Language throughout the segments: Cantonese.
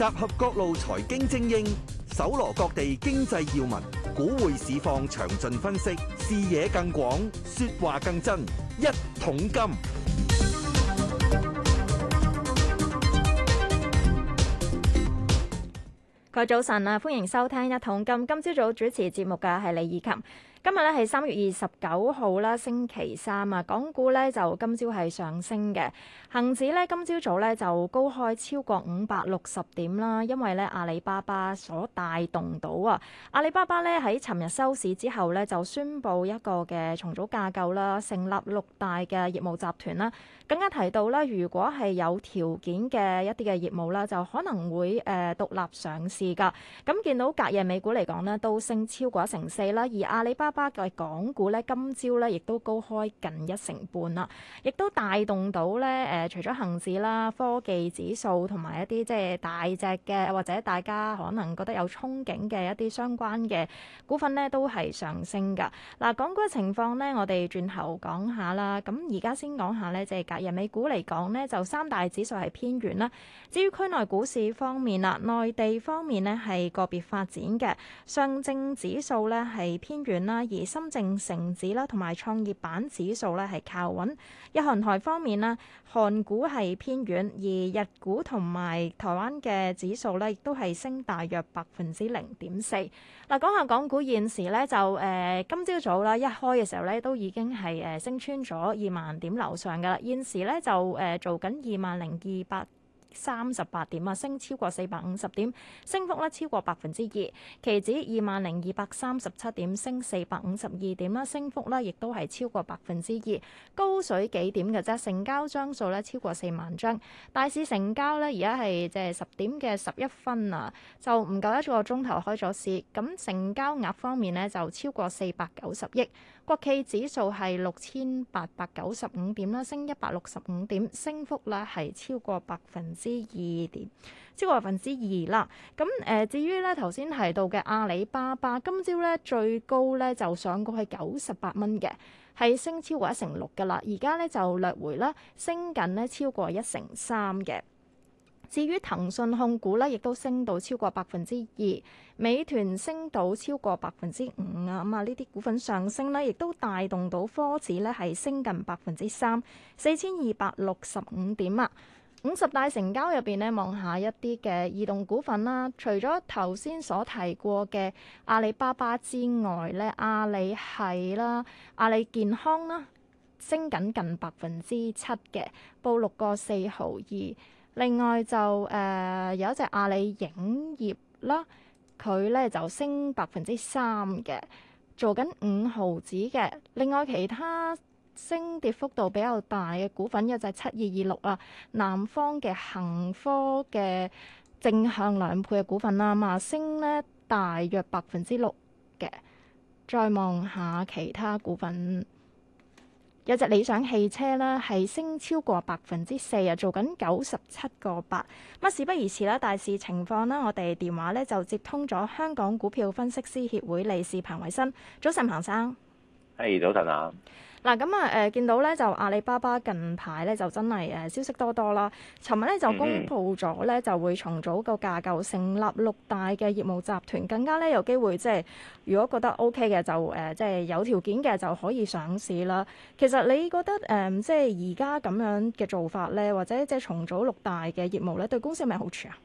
集合各路財經精英，搜羅各地經濟要聞，股匯市況詳盡分析，視野更廣，說話更真。一桶金，各位早晨啊！歡迎收聽《一桶金》，今朝早主持節目嘅係李以琴。今日咧係三月二十九號啦，星期三啊，港股咧就今朝係上升嘅。恒指呢，今朝早咧就高開超過五百六十點啦，因為咧阿里巴巴所帶動到啊。阿里巴巴咧喺尋日收市之後咧就宣布一個嘅重組架構啦，成立六大嘅業務集團啦。更加提到啦，如果係有條件嘅一啲嘅業務啦，就可能會誒、呃、獨立上市噶。咁見到隔夜美股嚟講呢，都升超過一成四啦，而阿里巴巴。亞巴嘅港股咧，今朝咧亦都高開近一成半啦，亦都帶動到咧誒、呃、除咗恒指啦、科技指數同埋一啲即係大隻嘅或者大家可能覺得有憧憬嘅一啲相關嘅股份呢都係上升噶。嗱、啊，港股嘅情況呢，我哋轉頭講下啦。咁而家先講下咧，即係隔日美股嚟講呢，就三大指數係偏軟啦。至於區內股市方面啦，內地方面呢，係個別發展嘅，上證指數咧係偏軟啦。而深證成指啦，同埋創業板指數咧，係靠穩。日韓台方面咧，韓股係偏軟，而日股同埋台灣嘅指數咧，亦都係升大約百分之零點四。嗱，講下港股現時咧，就誒、呃、今朝早啦一開嘅時候咧，都已經係誒升穿咗二萬點樓上㗎喇。現時咧就誒、呃、做緊二萬零二百三十八點啊，升超過四百五十點，升幅咧超過百分之二。期指二萬零二百三十七點，升四百五十二點啦，升幅咧亦都係超過百分之二，高水幾點嘅啫。成交張數咧超過四萬張，大市成交咧而家係即係十點嘅十一分啊，就唔夠一個鐘頭開咗市。咁成交額方面呢，就超過四百九十億，國企指數係六千八百九十五點啦，升一百六十五點，升幅咧係超過百分之二點超過百分之二啦。咁誒、呃，至於咧頭先提到嘅阿里巴巴，今朝咧最高咧就上過去九十八蚊嘅，係升超過一成六噶啦。而家咧就略回啦，升緊咧超過一成三嘅。至於騰訊控股咧，亦都升到超過百分之二，美團升到超過百分之五啊。咁啊，呢啲股份上升咧，亦都帶動到科指咧係升近百分之三，四千二百六十五點啊。五十大成交入邊咧，望下一啲嘅異動股份啦。除咗頭先所提過嘅阿里巴巴之外咧，阿里系啦，阿里健康啦，升緊近百分之七嘅，報六個四毫二。另外就誒、呃、有一隻阿里影業啦，佢咧就升百分之三嘅，做緊五毫子嘅。另外其他。升跌幅度比較大嘅股份有一隻七二二六啊，南方嘅恒科嘅正向兩倍嘅股份啦，嘛、嗯、升咧大約百分之六嘅。再望下其他股份，有隻理想汽車咧，係升超過百分之四啊，做緊九十七個八。乜事不宜遲啦，大市情況啦，我哋電話咧就接通咗香港股票分析師協會理事彭偉新。早晨，彭生，係，早晨啊！嗱咁啊，誒、呃、見到咧就阿里巴巴近排咧就真係誒、呃、消息多多啦。尋日咧就公佈咗咧就會重組個架構，成立六大嘅業務集團，更加咧有機會即係如果覺得 O K 嘅就誒即係有條件嘅就可以上市啦。其實你覺得誒即係而家咁樣嘅做法咧，或者即係重組六大嘅業務咧，對公司有咩好處啊？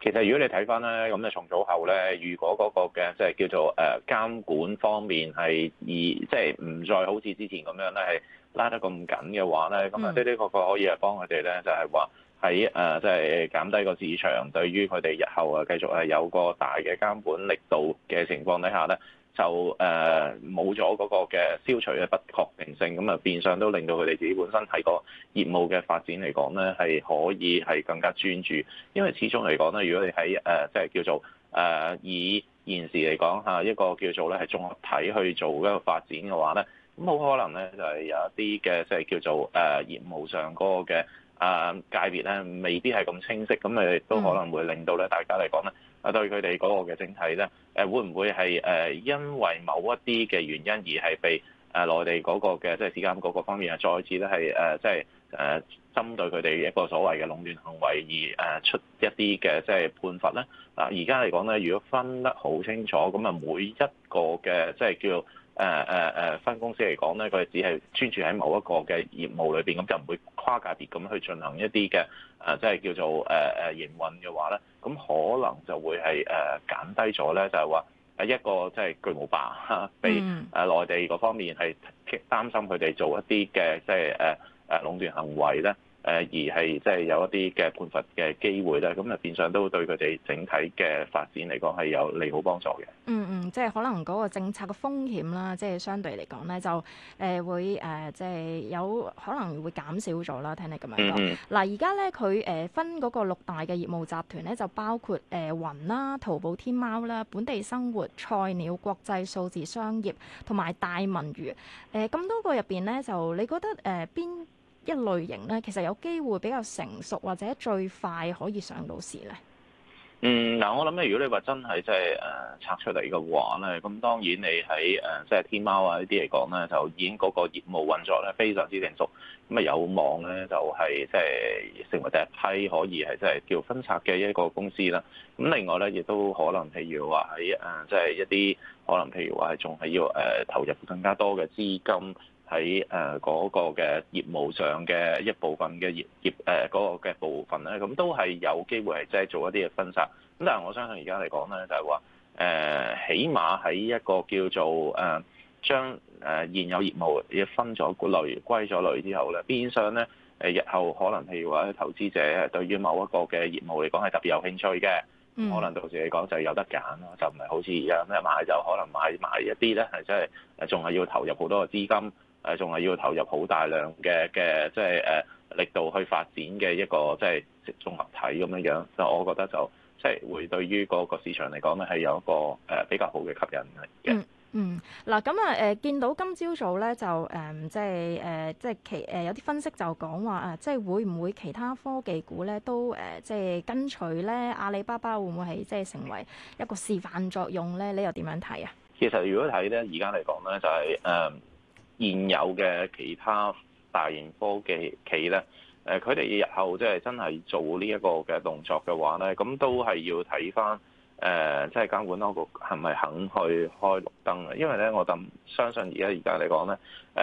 其實如果你睇翻咧，咁咧重組後咧，如果嗰個嘅即係叫做誒監管方面係而即係唔再好似之前咁樣咧，係拉得咁緊嘅話咧，咁啊，呢呢個個可以係幫佢哋咧，就係話喺誒即係減低個市場對於佢哋日後啊繼續係有個大嘅監管力度嘅情況底下咧。就誒冇咗嗰個嘅消除嘅不確定性，咁啊變相都令到佢哋自己本身喺個業務嘅發展嚟講咧，係可以係更加專注，因為始終嚟講咧，如果你喺誒即係叫做誒、呃、以現時嚟講吓一個叫做咧係綜合體去做一個發展嘅話咧，咁好可能咧就係有一啲嘅即係叫做誒、呃、業務上嗰、那個嘅。啊界別咧未必係咁清晰，咁誒都可能會令到咧大家嚟講咧啊對佢哋嗰個嘅整體咧，誒會唔會係誒因為某一啲嘅原因而係被誒內地嗰個嘅即係市監局個方面啊再次咧係誒即係誒針對佢哋一個所謂嘅壟斷行為而誒出一啲嘅即係判罰咧。啊而家嚟講咧，如果分得好清楚咁，啊每一個嘅即係叫。誒誒誒分公司嚟講咧，佢哋只係專注喺某一個嘅業務裏邊，咁就唔會跨界別咁去進行一啲嘅誒，即、呃、係叫做誒誒營運嘅話咧，咁可能就會係誒減低咗咧，就係話喺一個即係、就係、巨無霸嚇，被誒內地嗰方面係擔心佢哋做一啲嘅即係誒誒壟斷行為咧。誒而係即係有一啲嘅判罰嘅機會咧，咁啊變相都對佢哋整體嘅發展嚟講係有利好幫助嘅。嗯嗯，即係可能嗰個政策嘅風險啦，即係相對嚟講咧，就誒會誒、呃、即係有可能會減少咗啦。聽你咁樣講，嗱而家咧佢誒分嗰個六大嘅業務集團咧，就包括誒雲啦、淘寶、天貓啦、本地生活、菜鳥、國際數字商業同埋大文娛。誒、呃、咁多個入邊咧，就你覺得誒邊？呃一類型咧，其實有機會比較成熟或者最快可以上到市咧。嗯，嗱，我諗咧，如果你話真係即係誒拆出嚟嘅話咧，咁當然你喺誒即係天貓啊呢啲嚟講咧，就已經嗰個業務運作咧非常之成熟，咁啊有望咧就係即係成為第一批可以係即係叫分拆嘅一個公司啦。咁另外咧，亦都可能譬如話喺誒即係一啲可能譬如話係仲係要誒、呃、投入更加多嘅資金。喺誒嗰個嘅業務上嘅一部分嘅業業誒嗰個嘅部分咧，咁都係有機會係即係做一啲嘅分散。咁但係我相信而家嚟講咧，就係話誒，起碼喺一個叫做誒、呃、將誒現有業務嘅分咗類歸咗類之後咧，變相咧誒日後可能譬如話，投資者對於某一個嘅業務嚟講係特別有興趣嘅，嗯、可能到時嚟講就係有得揀咯，就唔係好似而家咩買就可能買買一啲咧，係即係誒仲係要投入好多嘅資金。誒仲係要投入好大量嘅嘅，即係誒力度去發展嘅一個即係、就是、綜合體咁樣樣。但係我覺得就即係、就是、會對於嗰個市場嚟講咧，係有一個誒比較好嘅吸引力嘅、嗯。嗯嗱咁啊誒，見到今朝早咧就誒、呃，即係誒，即係其誒、呃、有啲分析就講話啊，即係會唔會其他科技股咧都誒、呃，即係跟隨咧阿里巴巴會唔會係即係成為一個示範作用咧？你又點樣睇啊？其實如果睇咧，而家嚟講咧，就係、是、誒。呃現有嘅其他大型科技企咧，誒佢哋日後即係真係做呢一個嘅動作嘅話咧，咁都係要睇翻誒，即係監管當局係咪肯去開綠燈啊？因為咧，我就相信而家而家嚟講咧，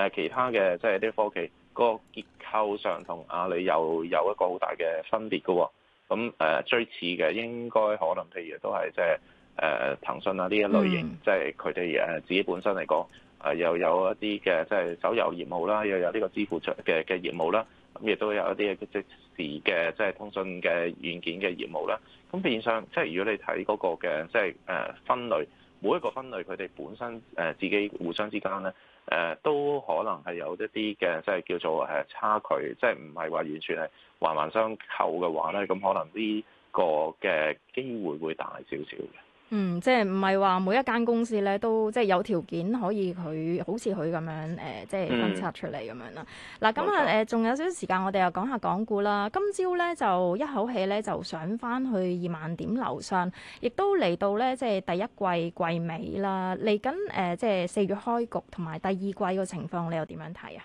誒其他嘅即係啲科技個結構上同阿里又有一個好大嘅分別嘅喎、哦。咁誒最似嘅應該可能譬如都係即係誒騰訊啊呢一類型，即係佢哋誒自己本身嚟講。誒又有一啲嘅即係手遊業務啦，又有呢個支付出嘅嘅業務啦，咁亦都有一啲即時嘅即係通訊嘅軟件嘅業務啦。咁變相即係如果你睇嗰個嘅即係誒分類，每一個分類佢哋本身誒自己互相之間咧誒，都可能係有一啲嘅即係叫做誒差距，即係唔係話完全係環環相扣嘅話咧，咁可能呢個嘅機會會大少少嘅。嗯，即係唔係話每一間公司咧都即係有條件可以佢好似佢咁樣誒、呃，即係分拆出嚟，咁樣啦。嗱、嗯，咁啊誒，仲吧、呃、有少少時間，我哋又講下港股啦。今朝咧就一口氣咧就上翻去二萬點樓上，亦都嚟到咧即係第一季季尾啦。嚟緊誒即係四月開局同埋第二季個情況，你又點樣睇啊？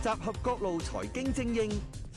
集合各路財經精英。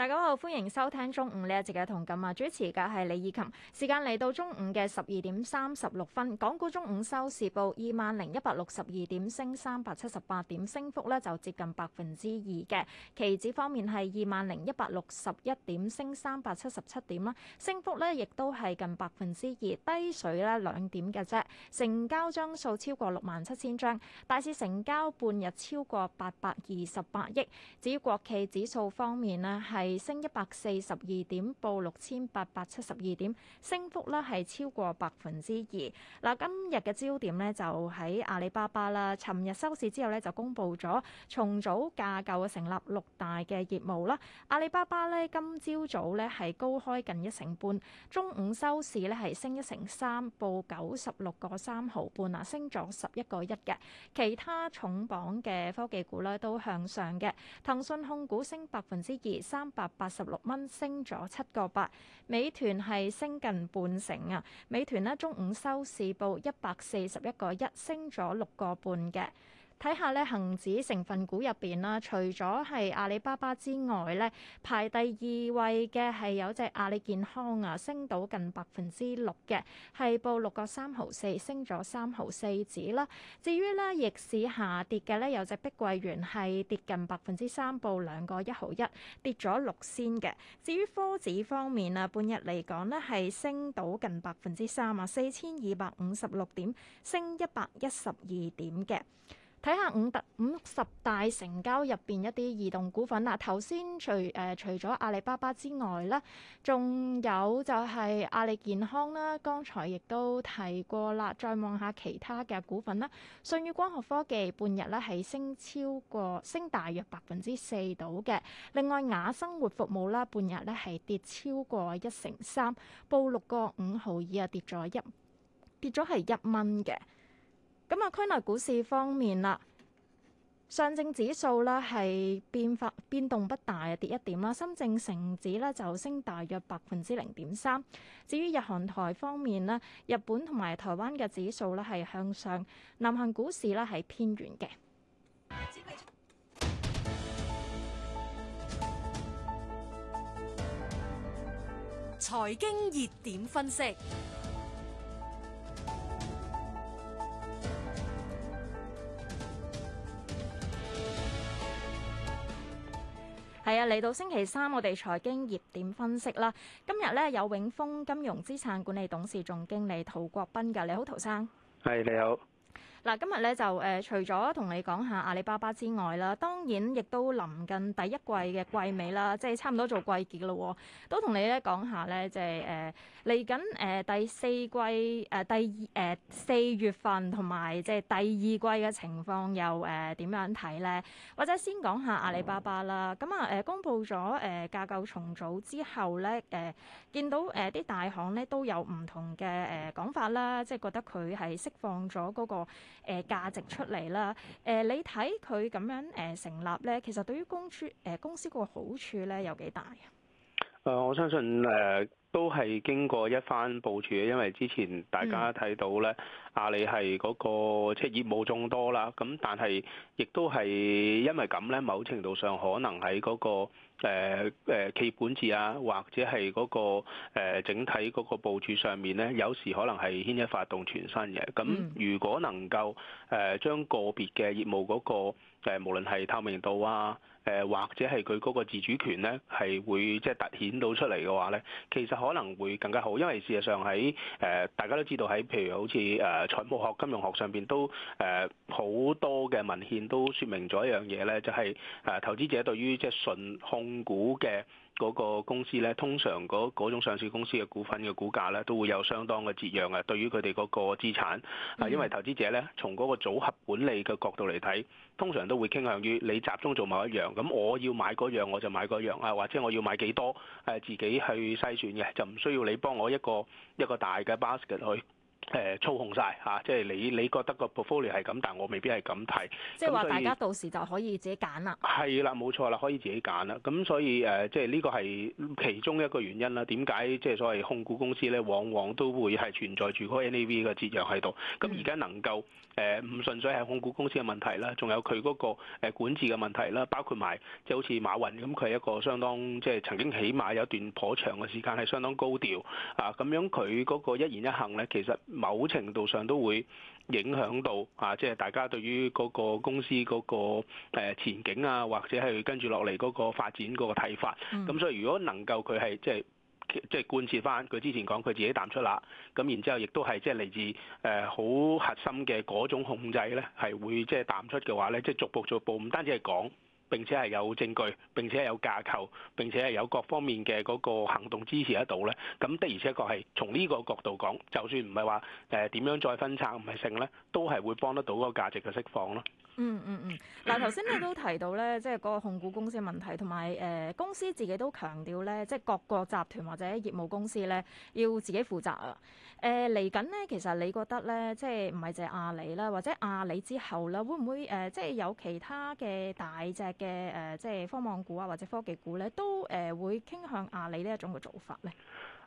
大家好，歡迎收聽中午呢一節嘅《同感》啊！主持嘅係李以琴。時間嚟到中午嘅十二點三十六分，港股中午收市報二萬零一百六十二點，升三百七十八點，升幅咧就接近百分之二嘅。期指方面係二萬零一百六十一點，升三百七十七點啦，升幅咧亦都係近百分之二，低水咧兩點嘅啫。成交張數超過六萬七千張，大市成交半日超過八百二十八億。至於國企指數方面呢，係。升一百四十二點，報六千八百七十二點，升幅咧係超過百分之二。嗱，啊，今日嘅焦點呢就喺阿里巴巴啦。尋日收市之後呢，就公布咗重組架構嘅成立六大嘅業務啦。阿里巴巴呢，今朝早，早呢係高開近一成半，中午收市呢係升一成三，報九十六個三毫半啊，升咗十一個一嘅。其他重磅嘅科技股呢都向上嘅，騰訊控股升百分之二，三百八十六蚊，升咗七個八。美團係升近半成啊。美團呢中午收市報一百四十一個一，升咗六個半嘅。睇下咧，恒指成分股入邊啦，除咗係阿里巴巴之外咧，排第二位嘅係有隻阿里健康啊，升到近百分之六嘅，係報六個三毫四，升咗三毫四指啦。至於咧逆市下跌嘅咧，有隻碧桂園，係跌近百分之三，報兩個一毫一，跌咗六仙嘅。至於科指方面啊，半日嚟講，咧係升到近百分之三啊，四千二百五十六點，升一百一十二點嘅。睇下五特五十大成交入邊一啲移動股份啦。頭先除誒、呃、除咗阿里巴巴之外咧，仲有就係阿里健康啦。剛才亦都提過啦。再望下其他嘅股份啦，舜宇光學科技半日咧係升超過升大約百分之四度嘅。另外雅生活服務啦，半日咧係跌超過一成三，跌一成三，報六個五毫二啊，跌咗一跌咗係一蚊嘅。咁啊、嗯，區內股市方面啦，上證指數呢係變發，變動不大，跌一點啦。深證成指呢就升大約百分之零點三。至於日韓台方面呢，日本同埋台灣嘅指數呢係向上，南韓股市呢係偏軟嘅。財經熱點分析。係啊，嚟到星期三，我哋財經熱點分析啦。今日咧有永豐金融資產管理董事總經理陶國斌噶，你好陶生。係，你好。嗱，今日咧就誒，除咗同你講下阿里巴巴之外啦，當然亦都臨近第一季嘅季尾啦，即係差唔多做季結咯，都同你咧講下咧，即係誒。嚟緊誒第四季誒、呃、第誒、呃、四月份同埋即係第二季嘅情況又誒點、呃、樣睇咧？或者先講下阿里巴巴啦。咁啊誒公佈咗誒架構重組之後咧誒、呃，見到誒啲、呃、大行咧都有唔同嘅誒講法啦，即係覺得佢係釋放咗嗰、那個誒價、呃、值出嚟啦。誒、呃、你睇佢咁樣誒、呃、成立咧，其實對於公司誒、呃、公司嗰個好處咧有幾大？誒，我相信誒、呃、都係經過一番部署，因為之前大家睇到咧，嗯、阿里係嗰、那個即係、就是、業務眾多啦，咁但係亦都係因為咁咧，某程度上可能喺嗰、那個誒、呃、企業管治啊，或者係嗰、那個、呃、整體嗰個部署上面咧，有時可能係牽一發動全身嘅。咁如果能夠誒將個別嘅業務嗰、那個誒、呃，無論係透明度啊，誒或者係佢嗰個自主權呢，係會即係凸顯到出嚟嘅話呢，其實可能會更加好，因為事實上喺誒大家都知道喺譬如好似誒財務學、金融學上邊都誒好多嘅文獻都說明咗一樣嘢呢，就係誒投資者對於即係純控股嘅。嗰個公司呢，通常嗰種上市公司嘅股份嘅股價呢，都會有相當嘅折讓嘅。對於佢哋嗰個資產啊，因為投資者呢，從嗰個組合管理嘅角度嚟睇，通常都會傾向於你集中做某一樣，咁我要買嗰樣我就買嗰樣啊，或者我要買幾多誒、啊、自己去篩選嘅，就唔需要你幫我一個一個大嘅 basket 去。誒、呃、操控晒，嚇、啊，即係你你覺得個 portfolio 係咁，但我未必係咁睇。即係話大家到時就可以自己揀啦。係啦，冇 錯啦，可以自己揀啦。咁所以誒、呃，即係呢個係其中一個原因啦。點解即係所謂控股公司咧，往往都會係存在住嗰個 NAV 嘅折讓喺度。咁而家能夠。誒，唔純粹係控股公司嘅問題啦，仲有佢嗰個管治嘅問題啦，包括埋即係好似馬雲咁，佢係一個相當即係曾經起碼有段頗長嘅時間係相當高調啊，咁樣佢嗰個一言一行咧，其實某程度上都會影響到啊，即係大家對於嗰個公司嗰個前景啊，或者係跟住落嚟嗰個發展嗰個睇法。咁、嗯、所以如果能夠佢係即係。即係貫徹返，佢之前講佢自己淡出啦，咁然之後亦都係即係嚟自誒好核心嘅嗰種控制咧，係會即係淡出嘅話咧，即係逐步逐步，唔單止係講，並且係有證據，並且係有架構，並且係有各方面嘅嗰個行動支持得到咧，咁的而且確係從呢個角度講，就算唔係話誒點樣再分拆唔係剩咧，都係會幫得到嗰個價值嘅釋放咯。嗯嗯嗯，嗱，頭先你都提到咧，即係嗰個控股公司問題，同埋誒公司自己都強調咧，即係各個集團或者業務公司咧，要自己負責啊。誒嚟緊咧，其實你覺得咧，即係唔係淨係阿里啦，或者阿里之後啦，會唔會誒、呃，即係有其他嘅大隻嘅誒、呃，即係科網股啊，或者科技股咧，都誒、呃、會傾向阿里呢一種嘅做法咧？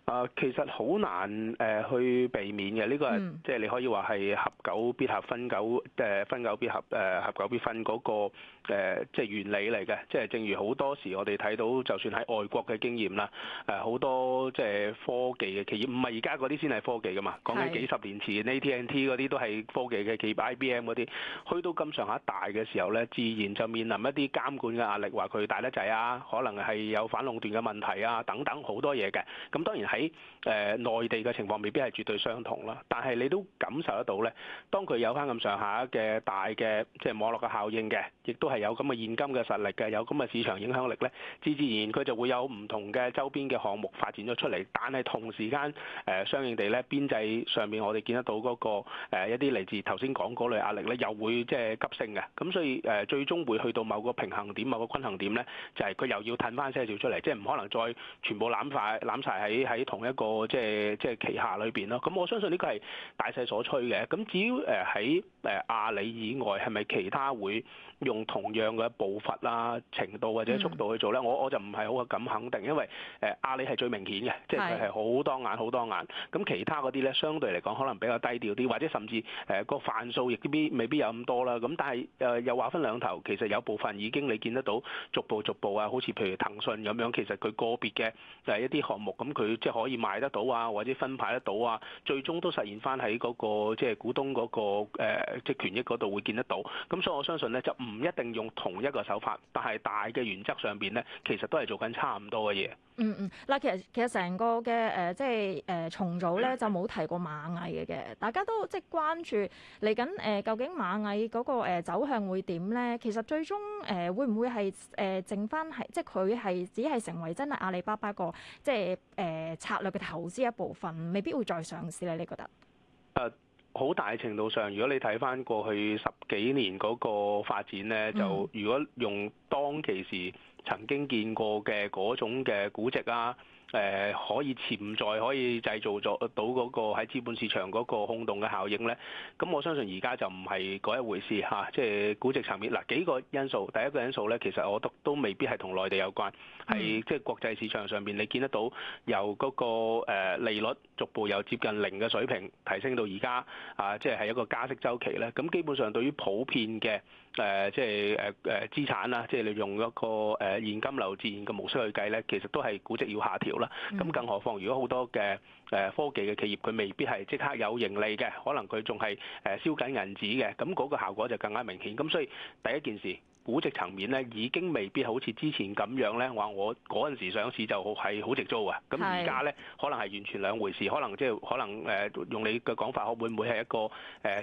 啊，其實好難誒去避免嘅，呢個係即係你可以話係合久必合，分久誒分久必合，誒合久必分嗰個誒即係原理嚟嘅。即係正如好多時我哋睇到，就算喺外國嘅經驗啦，誒好多即係科技嘅企業，唔係而家嗰啲先係科技噶嘛。講緊幾十年前，AT&T 嗰啲都係科技嘅企業，IBM 嗰啲，去到咁上下大嘅時候咧，自然就面臨一啲監管嘅壓力，話佢大得滯啊，可能係有反壟斷嘅問題啊，等等好多嘢嘅。咁當然喺誒內地嘅情況未必係絕對相同啦，但係你都感受得到咧，當佢有翻咁上下嘅大嘅即係網絡嘅效應嘅，亦都係有咁嘅現金嘅實力嘅，有咁嘅市場影響力咧，自自然佢就會有唔同嘅周邊嘅項目發展咗出嚟。但係同時間誒相應地咧，邊際上面我哋見得到嗰、嗰個誒一啲嚟自頭先講嗰類壓力咧，又會即係急升嘅。咁所以誒最終會去到某個平衡點、某個均衡點咧，就係、係、佢又要褪翻些少出嚟，即係唔可能再全部攬晒攬晒喺喺。同一個，即係即係旗下裏邊咯，咁我相信呢個係大勢所趨嘅。咁至於誒喺誒阿里以外，係咪其他會？用同樣嘅步伐啦、程度或者速度去做咧，我我就唔係好敢肯定，因為誒阿里係最明顯嘅，是即係佢係好多眼好多眼。咁其他嗰啲咧，相對嚟講可能比較低調啲，或者甚至誒個範數亦未必有咁多啦。咁但係誒又話分兩頭，其實有部分已經你見得到逐步逐步啊，好似譬如騰訊咁樣，其實佢個別嘅就係一啲項目咁，佢即係可以賣得到啊，或者分派得到啊，最終都實現翻喺嗰個即係、就是、股東嗰個誒即係權益嗰度會見得到。咁所以我相信咧就唔。唔一定用同一個手法，但係大嘅原則上邊咧，其實都係做緊差唔多嘅嘢。嗯嗯，嗱，其實其實成個嘅誒，即係誒重組咧，就冇提過螞蟻嘅嘅，大家都即係關注嚟緊誒，究竟螞蟻嗰個誒走向會點咧？其實最終誒會唔會係誒剩翻係，即係佢係只係成為真係阿里巴巴個即係誒策略嘅投資一部分，未必會再上市咧？你覺得？誒。好大程度上，如果你睇翻過去十幾年嗰個發展呢，就、mm hmm. 如果用當其時曾經見過嘅嗰種嘅估值啊。誒可以潛在可以製造咗到嗰個喺資本市場嗰個轟動嘅效應咧，咁我相信而家就唔係嗰一回事嚇，即、啊、係、就是、估值層面嗱、啊、幾個因素，第一個因素咧其實我都都未必係同內地有關，係即係國際市場上邊你見得到由嗰個利率逐步由接近零嘅水平提升到而家啊，即係係一個加息周期咧，咁基本上對於普遍嘅誒即係誒誒資產啊，即、就、係、是、你用一個誒現金流自然嘅模式去計咧，其實都係估值要下調。咁更何況，如果好多嘅誒科技嘅企業，佢未必係即刻有盈利嘅，可能佢仲係誒燒緊銀紙嘅，咁嗰個效果就更加明顯。咁所以第一件事。估值層面咧，已經未必好似之前咁樣咧。我話我嗰陣時上市就係好直租啊。咁而家咧可能係完全兩回事。可能即係，可能誒，用你嘅講法，會唔會係一個誒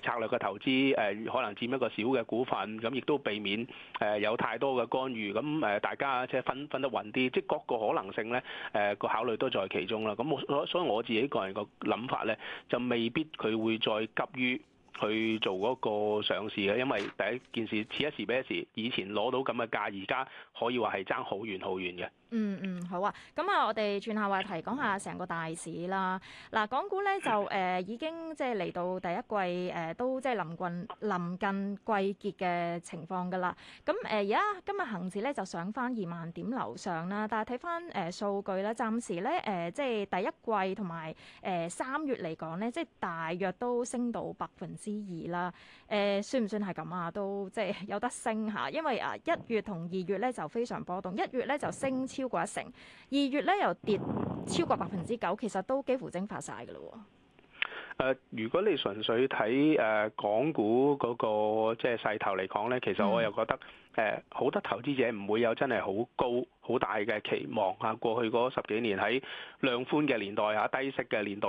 策略嘅投資誒？可能佔一個小嘅股份，咁亦都避免誒有太多嘅干預。咁誒大家即係分分得勻啲，即係，各個可能性咧誒個考慮都在其中啦。咁我所以我自己個人個諗法咧，就未必佢會再急於。去做嗰個上市嘅，因為第一件事，此一時彼一時，以前攞到咁嘅價，而家可以話係爭好遠好遠嘅。嗯嗯好啊，咁、嗯、啊我哋轉下話題，講下成個大市啦。嗱、啊，港股咧就誒、呃、已經即係嚟到第一季誒、呃，都即係臨近臨近季結嘅情況㗎啦。咁誒而家今日恆指咧就上翻二萬點樓上啦。但係睇翻誒數據咧，暫時咧誒、呃、即係第一季同埋誒三月嚟講咧，即係大約都升到百分之二啦。誒、呃、算唔算係咁啊？都即係有得升嚇，因為啊一月同二月咧就非常波動，一月咧就升，超過一成，二月咧又跌超過百分之九，其實都幾乎蒸發晒㗎咯。誒，如果你純粹睇誒港股嗰個即係勢頭嚟講咧，其實我又覺得誒好多投資者唔會有真係好高、好大嘅期望啊。過去嗰十幾年喺量寬嘅年代嚇、低息嘅年代。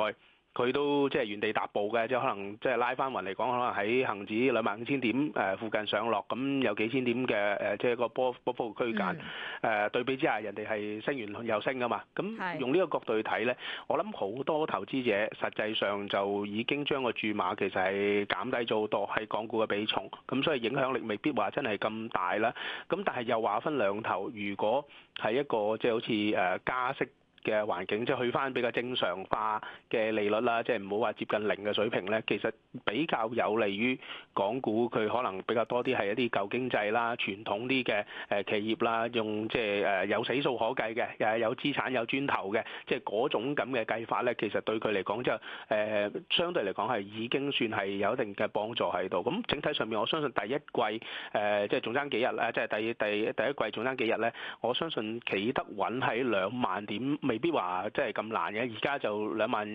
佢都即係原地踏步嘅，即係可能即係拉返雲嚟講，可能喺恆指兩萬五千點誒附近上落，咁有幾千點嘅誒，即係個波波幅區間，誒對比之下，人哋係升完又升㗎嘛，咁用呢個角度去睇咧，我諗好多投資者實際上就已經將個注碼其實係減低咗好多，係港股嘅比重，咁所以影響力未必話真係咁大啦。咁但係又話分兩頭，如果係一個即係好似誒加息嘅環境即係去翻比較正常化嘅利率啦，即係唔好話接近零嘅水平咧，其實比較有利於港股，佢可能比較多啲係一啲舊經濟啦、傳統啲嘅誒企業啦，用即係誒有死數可計嘅，又係有資產有磚頭嘅，即係嗰種咁嘅計法咧，其實對佢嚟講即係誒，相對嚟講係已經算係有一定嘅幫助喺度。咁整體上面，我相信第一季誒即係仲爭幾日咧，即係第第第一季仲爭幾日咧，我相信企得穩喺兩萬點。未必話即係咁難嘅，而家就兩萬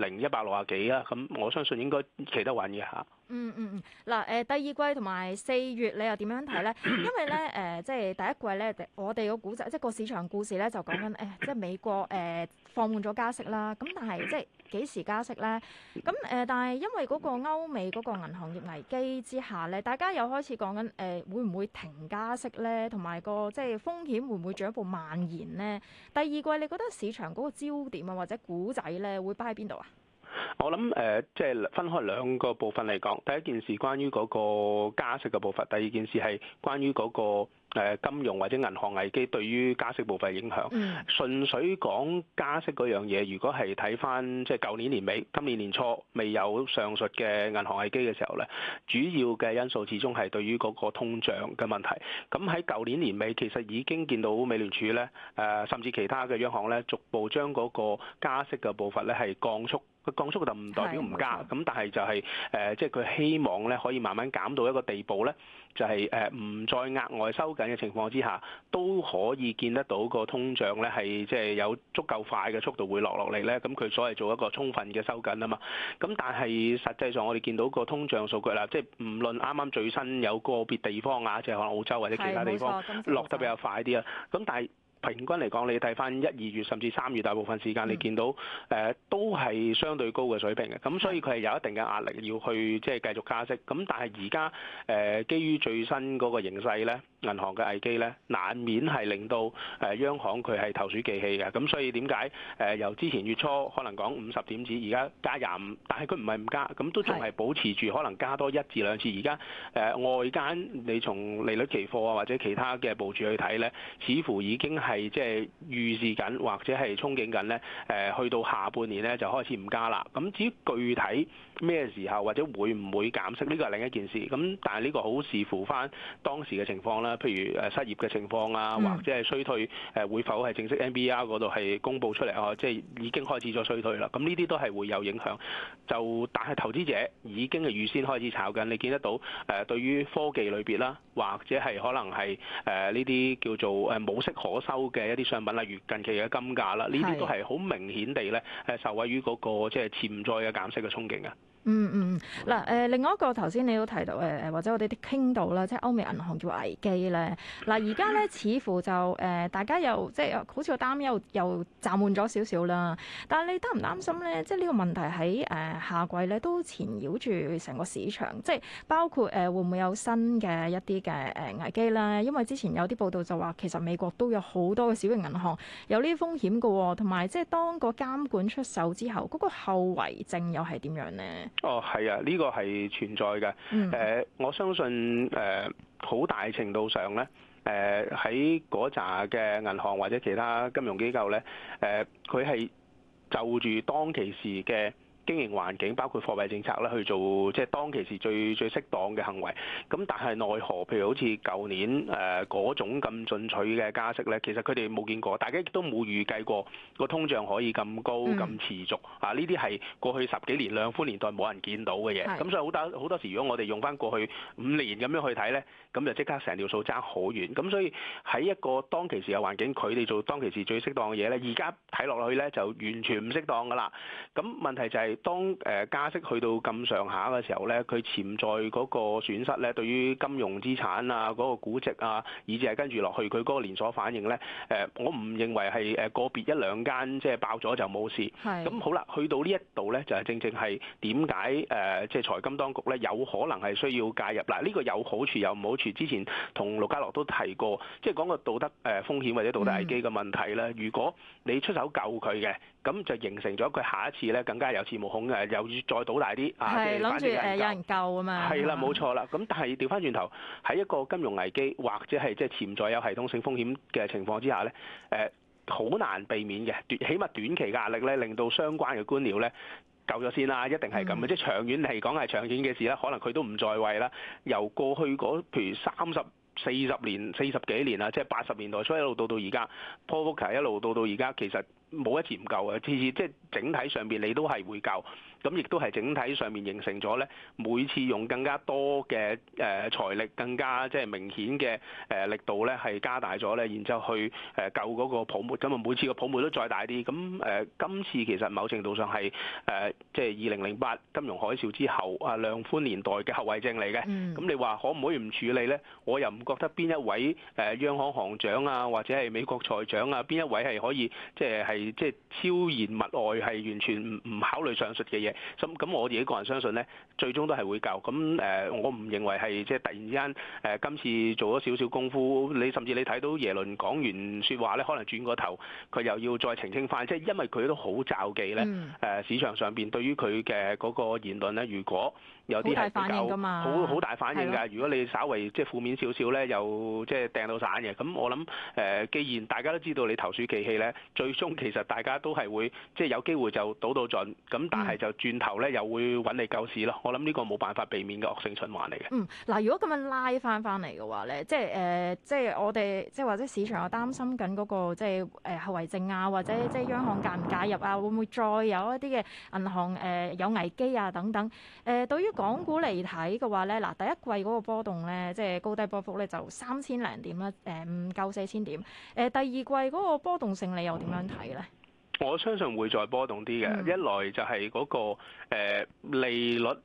零一百六啊幾啊。咁我相信應該企得穩嘅吓。嗯嗯嗯，嗱、嗯，誒、呃、第二季同埋四月你又點樣睇咧？因為咧，誒、呃、即係第一季咧，我哋個故仔即係個市場故事咧，就講緊誒，即係美國誒、呃、放緩咗加息啦。咁但係即係幾時加息咧？咁誒、呃，但係因為嗰個歐美嗰個銀行業危機之下咧，大家又開始講緊誒，會唔會停加息咧？同埋個即係風險會唔會進一步蔓延咧？第二季你覺得市場嗰個焦點啊，或者故仔咧，會擺喺邊度啊？我諗誒，即係分開兩個部分嚟講。第一件事關於嗰個加息嘅步伐，第二件事係關於嗰個誒金融或者銀行危機對於加息步伐嘅影響。純粹講加息嗰樣嘢，如果係睇翻即係舊年年尾、今年年初未有上述嘅銀行危機嘅時候咧，主要嘅因素始終係對於嗰個通脹嘅問題。咁喺舊年年尾其實已經見到美聯儲咧誒，甚至其他嘅央行咧逐步將嗰個加息嘅步伐咧係降速。佢降速就唔代表唔加，咁的但係就係誒即係，佢、呃就是、希望咧可以慢慢減到一個地步咧，就係誒唔再額外收緊嘅情況之下，都可以見得到個通脹咧係即係有足夠快嘅速度會落落嚟咧。咁佢所謂做一個充分嘅收緊啊嘛。咁但係實際上我哋見到個通脹數據啦，即係，唔論啱啱最新有個別地方啊，即係可能澳洲或者其他地方的落得比較快啲啊。咁的、嗯、但係。平均嚟講，你睇翻一、二月甚至三月大部分時間，嗯、你見到誒、呃、都係相對高嘅水平嘅，咁所以佢係有一定嘅壓力要去即係、就是、繼續加息。咁但係而家誒基於最新嗰個形勢咧。銀行嘅危機咧，難免係令到誒央行佢係投鼠忌器嘅。咁所以點解誒由之前月初可能講五十點子，而家加廿五，但係佢唔係唔加，咁都仲係保持住可能加多一至兩次。而家誒外間你從利率期貨啊或者其他嘅部署去睇呢，似乎已經係即係預示緊或者係憧憬緊呢，誒去到下半年呢就開始唔加啦。咁至於具體咩時候或者會唔會減息，呢個係另一件事。咁但係呢個好視乎返當時嘅情況啦。譬如誒失業嘅情況啊，或者係衰退誒，會否係正式 NBER 嗰度係公佈出嚟？哦，即係已經開始咗衰退啦。咁呢啲都係會有影響。就但係投資者已經係預先開始炒緊。你見得到誒，對於科技類別啦，或者係可能係誒呢啲叫做誒冇息可收嘅一啲商品例如近期嘅金價啦，呢啲都係好明顯地咧誒，受惠於嗰個即係潛在嘅減息嘅憧憬啊！嗯嗯嗯嗱，誒另外一個頭先你都提到誒，或者我哋啲傾到啦，即係歐美銀行叫危機咧。嗱，而家咧似乎就誒、呃、大家又即係好似個擔憂又暫緩咗少少啦。但係你擔唔擔心咧？即係呢個問題喺誒夏季咧都纏繞住成個市場，即係包括誒、呃、會唔會有新嘅一啲嘅誒危機咧？因為之前有啲報道就話其實美國都有好多嘅小型銀行有呢啲風險嘅喎、哦，同埋即係當個監管出手之後，嗰、那個後遺症又係點樣咧？哦，係啊，呢、這個係存在嘅。誒、嗯呃，我相信誒好、呃、大程度上咧，誒喺嗰扎嘅銀行或者其他金融機構咧，誒佢係就住當其時嘅。經營環境包括貨幣政策咧，去做即係當其時最最適當嘅行為，咁但係奈何譬如好似舊年誒嗰種咁進取嘅加息咧，其實佢哋冇見過，大家亦都冇預計過個通脹可以咁高咁持續啊！呢啲係過去十幾年兩千年代冇人見到嘅嘢，咁是所以好多好多時，如果我哋用返過去五年咁樣去睇咧，咁就即刻成條數爭好遠。咁所以喺一個當其時嘅環境，佢哋做當其時最適當嘅嘢咧，而家睇落去咧就完全唔適當噶啦。咁問題就係、是。當誒加息去到咁上下嘅時候咧，佢潛在嗰個損失咧，對於金融資產啊、嗰、那個估值啊，以至係跟住落去佢嗰個連鎖反應咧，誒，我唔認為係誒個別一兩間即係、就是、爆咗就冇事。係是。咁好啦，去到呢一度咧，就係、是、正正係點解誒，即、呃、係、就是、財金當局咧，有可能係需要介入。嗱，呢個有好處有唔好處。之前同盧家樂都提過，即係講個道德誒風險或者道德危機嘅問題咧。嗯、如果你出手救佢嘅，咁就形成咗佢下一次咧更加有恃無恐嘅，又要再倒大啲啊！係諗住誒有人救啊嘛！係啦，冇錯啦。咁但係調翻轉頭喺一個金融危機或者係即係潛在有系統性風險嘅情況之下咧，誒、呃、好難避免嘅。起碼短期嘅壓力咧，令到相關嘅官僚咧救咗先啦、啊。一定係咁嘅，嗯、即係長遠嚟講係長遠嘅事啦。可能佢都唔在位啦。由過去嗰譬如三十，四十年、四十幾年啊，即係八十年代初，一路到普普一到而家，provoke 一路到到而家，其實冇一次唔夠嘅，次次即係整體上邊你都係會夠。咁亦都係整體上面形成咗咧，每次用更加多嘅，誒財力，更加即係明顯嘅誒力度咧，係加大咗咧，然之後去誒救嗰個泡沫，咁啊每次個泡沫都再大啲。咁誒今次其實某程度上係誒即係二零零八金融海嘯之後啊量寬年代嘅後遺症嚟嘅。咁、mm. 你話可唔可以唔處理咧？我又唔覺得邊一位誒央行行長啊，或者係美國財長啊，邊一位係可以即係係即係超然物外，係完全唔唔考慮上述嘅嘢。咁咁我自己個人相信呢，最終都係會救。咁誒、呃，我唔認為係即係突然之間誒，今次做咗少少功夫，你甚至你睇到耶倫講完説話呢，可能轉個頭佢又要再澄清翻，即係因為佢都好罩忌呢，誒、嗯呃，市場上邊對於佢嘅嗰個言論呢，如果有啲係好大反應㗎嘛，好好大反應㗎。係如果你稍為即係負面少少呢，又即係掟到散嘅。咁我諗誒、呃，既然大家都知道你投鼠忌器呢，最終其實大家都係會即係有機會就賭到盡。咁但係就轉頭咧又會搵你救市咯，我諗呢個冇辦法避免嘅惡性循環嚟嘅。嗯，嗱，如果咁樣拉翻翻嚟嘅話咧，即係誒、呃，即係我哋即係或者市場又擔心緊、那、嗰個即係誒、呃、後遺症啊，或者即係央行介唔介入啊，會唔會再有一啲嘅銀行誒、呃、有危機啊等等？誒、呃，對於港股嚟睇嘅話咧，嗱，第一季嗰個波動咧，即係高低波幅咧就三千零點啦，誒，唔夠四千點。誒、呃呃，第二季嗰個波動性你又點樣睇咧？嗯我相信會再波動啲嘅、mm，hmm. 一來就係嗰個誒利率誒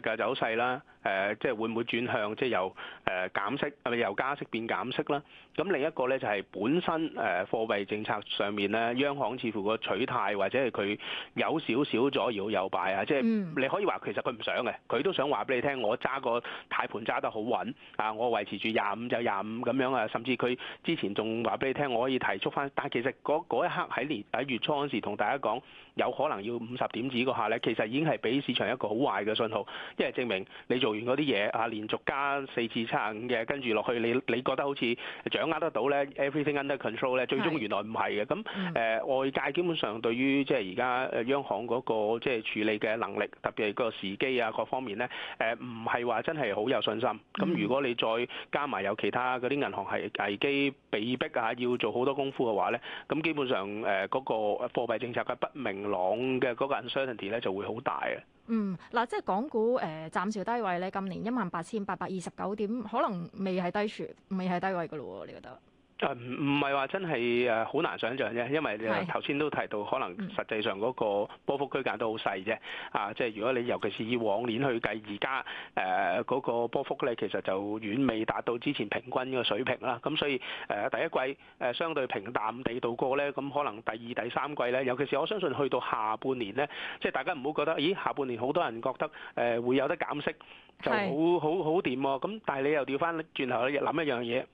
嘅走勢啦。誒，即係會唔會轉向，即係由誒減息，係咪由加息變減息啦？咁另一個咧就係本身誒貨幣政策上面咧，央行似乎個取態或者係佢有少少左搖右擺啊！即係你可以話其實佢唔想嘅，佢都想話俾你聽，我揸個軚盤揸得好穩啊，我維持住廿五就廿五咁樣啊，甚至佢之前仲話俾你聽，我可以提速翻。但係其實嗰一刻喺年底月初嗰時同大家講有可能要五十點子嗰下咧，其實已經係俾市場一個好壞嘅信號，因為證明你做。做完嗰啲嘢啊，連續加四次七五嘅，跟住落去你你覺得好似掌握得到咧，Everything under control 咧，最終原來唔係嘅。咁誒的外界基本上對於即係而家央行嗰個即係處理嘅能力，特別係個時機啊各方面咧，誒唔係話真係好有信心。咁的如果你再加埋有其他嗰啲銀行係危機被逼啊要做好多功夫嘅話咧，咁基本上誒嗰個貨幣政策嘅不明朗嘅嗰個 uncertainty 咧就會好大啊！嗯，嗱，即係港股誒、呃、暫時低位咧，今年一萬八千八百二十九點，可能未係低處，未係低位噶咯，你覺得？誒唔唔係話真係誒好難想像啫，因為你頭先都提到，可能實際上嗰個波幅區間都好細啫。啊，即係如果你尤其是以往年去計，而家誒嗰個波幅咧，其實就遠未達到之前平均嘅水平啦。咁所以誒第一季誒相對平淡地度過咧，咁可能第二、第三季咧，尤其是我相信去到下半年咧，即係大家唔好覺得，咦下半年好多人覺得誒會有得減息，就好好好掂喎。咁是但係你又調翻轉頭咧，諗一樣嘢。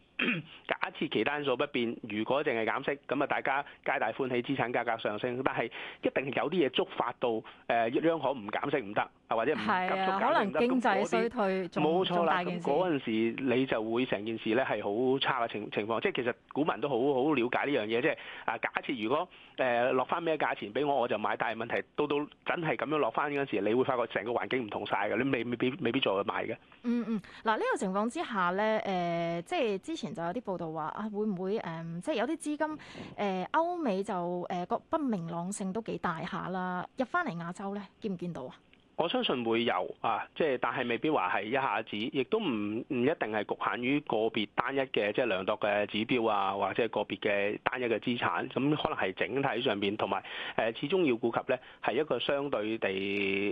假設其他因素不變，如果淨係減息，咁啊大家皆大歡喜，資產價格上升。但係一定係有啲嘢觸發到誒、呃、央行唔減息唔得，啊或者唔減速減得，咁嗰邊冇錯啦。咁嗰陣時你就會成件事咧係好差嘅情情況。即係其實股民都好好了解呢樣嘢，即係啊假設如果。誒落翻咩價錢俾我，我就買。但係問題到到真係咁樣落翻嗰時，你會發覺成個環境唔同晒嘅，你未必未必未必再去買嘅、嗯。嗯嗯，嗱、這、呢個情況之下咧，誒即係之前就有啲報道話啊，會唔會誒、呃、即係有啲資金誒、呃、歐美就誒個、呃、不明朗性都幾大下啦。入翻嚟亞洲咧，見唔見到啊？我相信會有啊，即係但係未必話係一下子，亦都唔唔一定係局限於個別單一嘅即係量度嘅指標啊，或者係個別嘅單一嘅資產，咁可能係整體上邊，同埋誒始終要顧及咧係一個相對地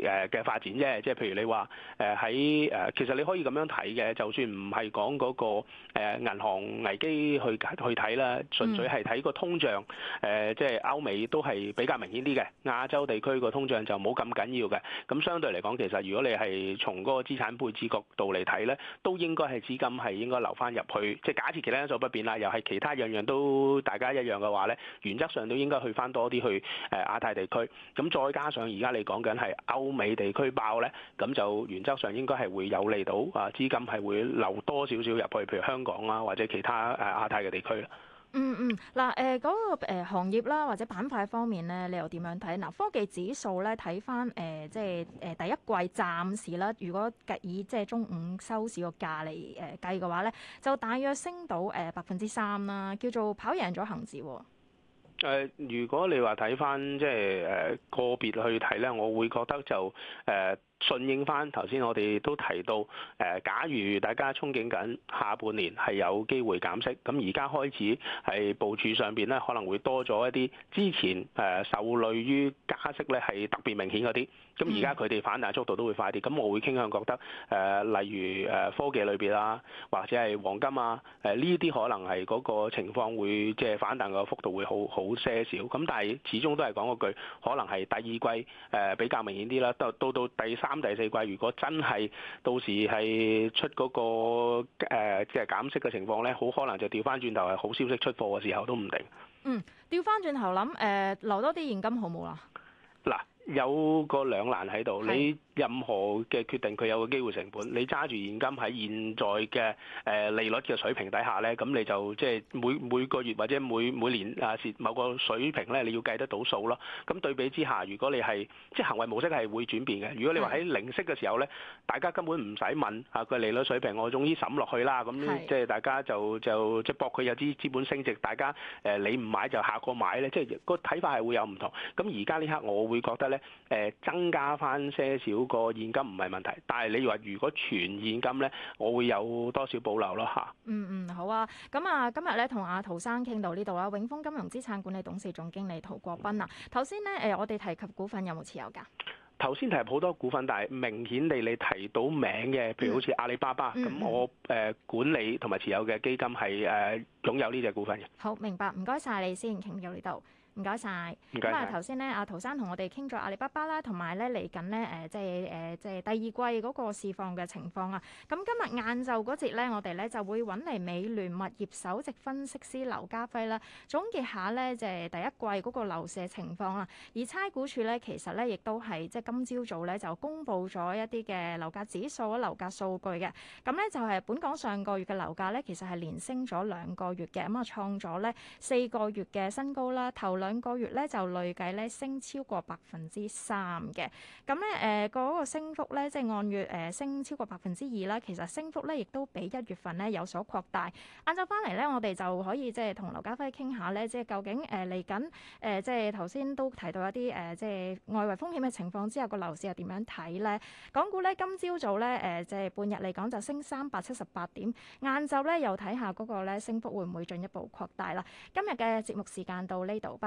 誒嘅發展啫。即係譬如你話誒喺誒其實你可以咁樣睇嘅，就算唔係講嗰個誒銀行危機去去睇啦，純粹係睇個通脹誒即係歐美都係比較明顯啲嘅，亞洲地區個通脹就冇咁緊要嘅，咁相。相對嚟講，其實如果你係從嗰個資產配置角度嚟睇咧，都應該係資金係應該留返入去。即係假設其他因素不變啦，又係其他樣樣都大家一樣嘅話咧，原則上都應該去返多啲去誒亞太地區。咁再加上而家你講緊係歐美地區爆咧，咁就原則上應該係會有利到啊，資金係會留多少少入去，譬如香港啊，或者其他誒亞太嘅地區。嗯嗯，嗱，誒嗰個行業啦，或者板塊方面咧，你又點樣睇？嗱，科技指數咧，睇翻誒，即係誒第一季暫時啦。如果計以即係中午收市個價嚟誒計嘅話咧，就大約升到誒百分之三啦，叫做跑贏咗恆指喎。誒，如果你話睇翻即係誒個別去睇咧，我會覺得就誒。呃順應翻頭先，我哋都提到誒，假如大家憧憬緊下半年係有機會減息，咁而家開始係部署上邊咧，可能會多咗一啲之前誒受累於加息咧係特別明顯嗰啲。咁而家佢哋反彈速度都會快啲，咁我會傾向覺得，誒、呃、例如誒科技裏面啊，或者係黃金啊，誒呢啲可能係嗰個情況會即係反彈個幅度會好好些少。咁但係始終都係講嗰句，可能係第二季誒、呃、比較明顯啲啦。到到到第三、第四季，如果真係到時係出嗰、那個即係、呃就是、減息嘅情況咧，好可能就調翻轉頭係好消息出貨嘅時候都唔定。嗯，調翻轉頭諗，誒、呃、留多啲現金好冇啊？嗱。有個兩難喺度，的你任何嘅決定佢有個機會成本。你揸住現金喺現在嘅誒利率嘅水平底下咧，咁你就即係每每個月或者每每年啊蝕某個水平咧，你要計得到數咯。咁對比之下，如果你係即係行為模式係會轉變嘅。如果你話喺零息嘅時候咧，的大家根本唔使問啊個利率水平我，我終於審落去啦。咁即係大家就就即係博佢有啲資本升值，大家誒你唔買就下個買咧，即係個睇法係會有唔同。咁而家呢刻，我會覺得誒增加翻些少個現金唔係問題，但係你話如果全現金咧，我會有多少保留咯吓，嗯嗯，好啊。咁啊，今日咧同阿陶生傾到呢度啦。永豐金融資產管理董事總經理陶國斌啊，頭先咧誒，我哋提及股份有冇持有㗎？頭先提及好多股份，但係明顯地你提到名嘅，譬如好似阿里巴巴咁，嗯嗯、我誒、呃、管理同埋持有嘅基金係誒、呃、擁有呢隻股份嘅。好，明白。唔該晒，你先，傾到呢度。唔該晒。咁啊頭先咧，阿陶生同我哋傾咗阿里巴巴啦，同埋咧嚟緊咧誒，即係誒即係第二季嗰個市況嘅情況啊。咁、嗯、今日晏晝嗰節咧，我哋咧就會揾嚟美聯物業首席分析師劉家輝啦，總結下咧即係第一季嗰個樓市情況啦。而差估處咧，其實咧亦都係即係今朝早咧就公布咗一啲嘅樓價指數、樓價數據嘅。咁、嗯、咧就係、是、本港上個月嘅樓價咧，其實係連升咗兩個月嘅，咁、嗯、啊創咗咧四個月嘅新高啦，頭兩個月咧就累計咧升超過百分之三嘅，咁咧誒嗰個升幅咧即係按月誒、呃、升超過百分之二啦。其實升幅咧亦都比一月份咧有所擴大。晏晝翻嚟咧，我哋就可以即係同劉家輝傾下咧，即係究竟誒嚟緊誒即係頭先都提到一啲誒、呃、即係外圍風險嘅情況之下，嗰個樓市係點樣睇咧？港股咧今朝早咧誒、呃、即係半日嚟講就升三百七十八點，晏晝咧又睇下嗰個咧升幅會唔會進一步擴大啦？今日嘅節目時間到呢度。